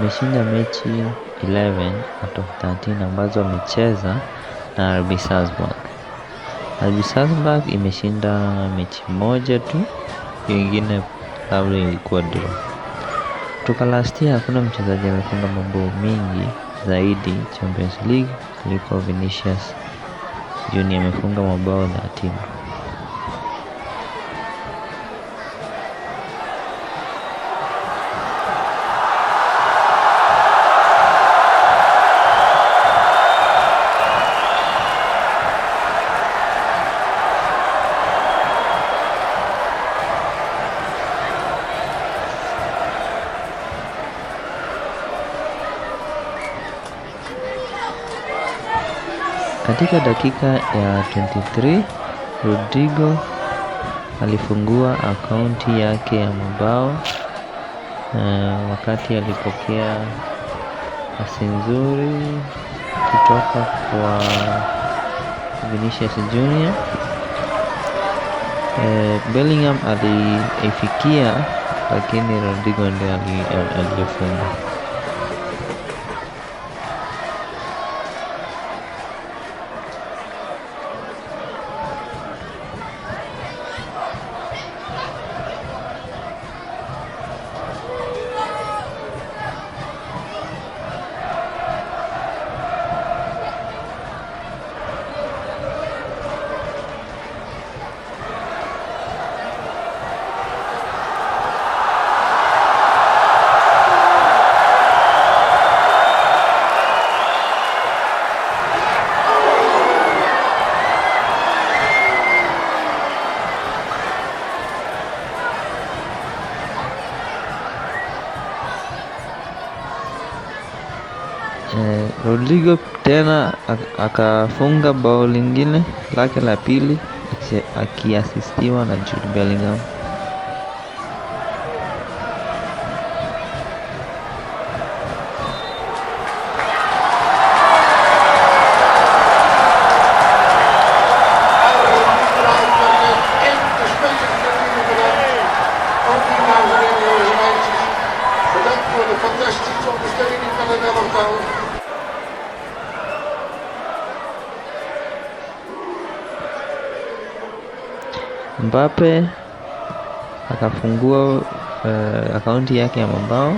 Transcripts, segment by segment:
Ameshinda mechi 11 out of 13 ambazo amecheza na RB Salzburg. RB Salzburg imeshinda mechi moja tu, nyingine labda ilikuwa draw. Kutoka last year hakuna mchezaji amefunga mabao mingi zaidi Champions League kuliko Vinicius Junior amefunga mabao timu Katika dakika ya 23, Rodrigo alifungua akaunti yake ya mabao uh, wakati alipokea pasi nzuri kutoka kwa Vinicius Junior. Uh, Bellingham aliifikia lakini Rodrigo ndio aliyofunga. Eh, Rodrigo tena akafunga bao lingine lake la pili akiasistiwa na Jude Bellingham. Mbappe akafungua uh, eh, akaunti yake ya mabao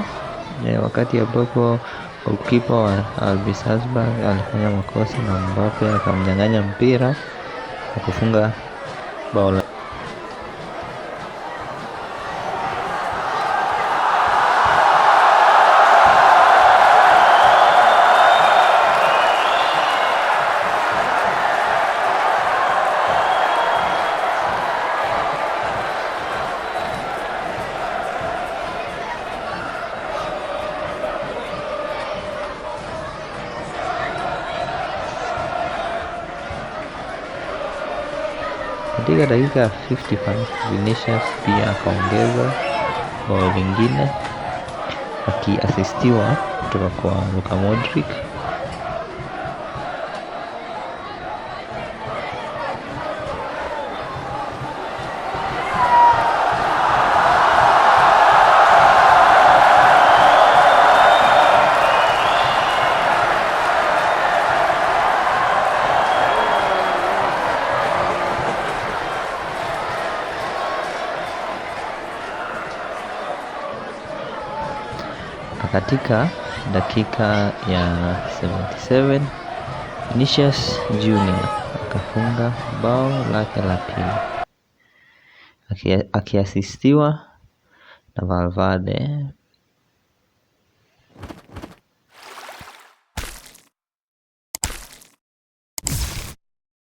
eh, ya wakati ambapo ukipa wa RB Salzburg alifanya makosa na Mbappe akamnyang'anya mpira na kufunga bao. Katika dakika ya 55 Vinicius pia akaongeza bao lingine akiasistiwa kutoka kwa Luka Modric. Katika dakika ya 77 Vinicius Junior akafunga bao lake la pili akiasistiwa na Valverde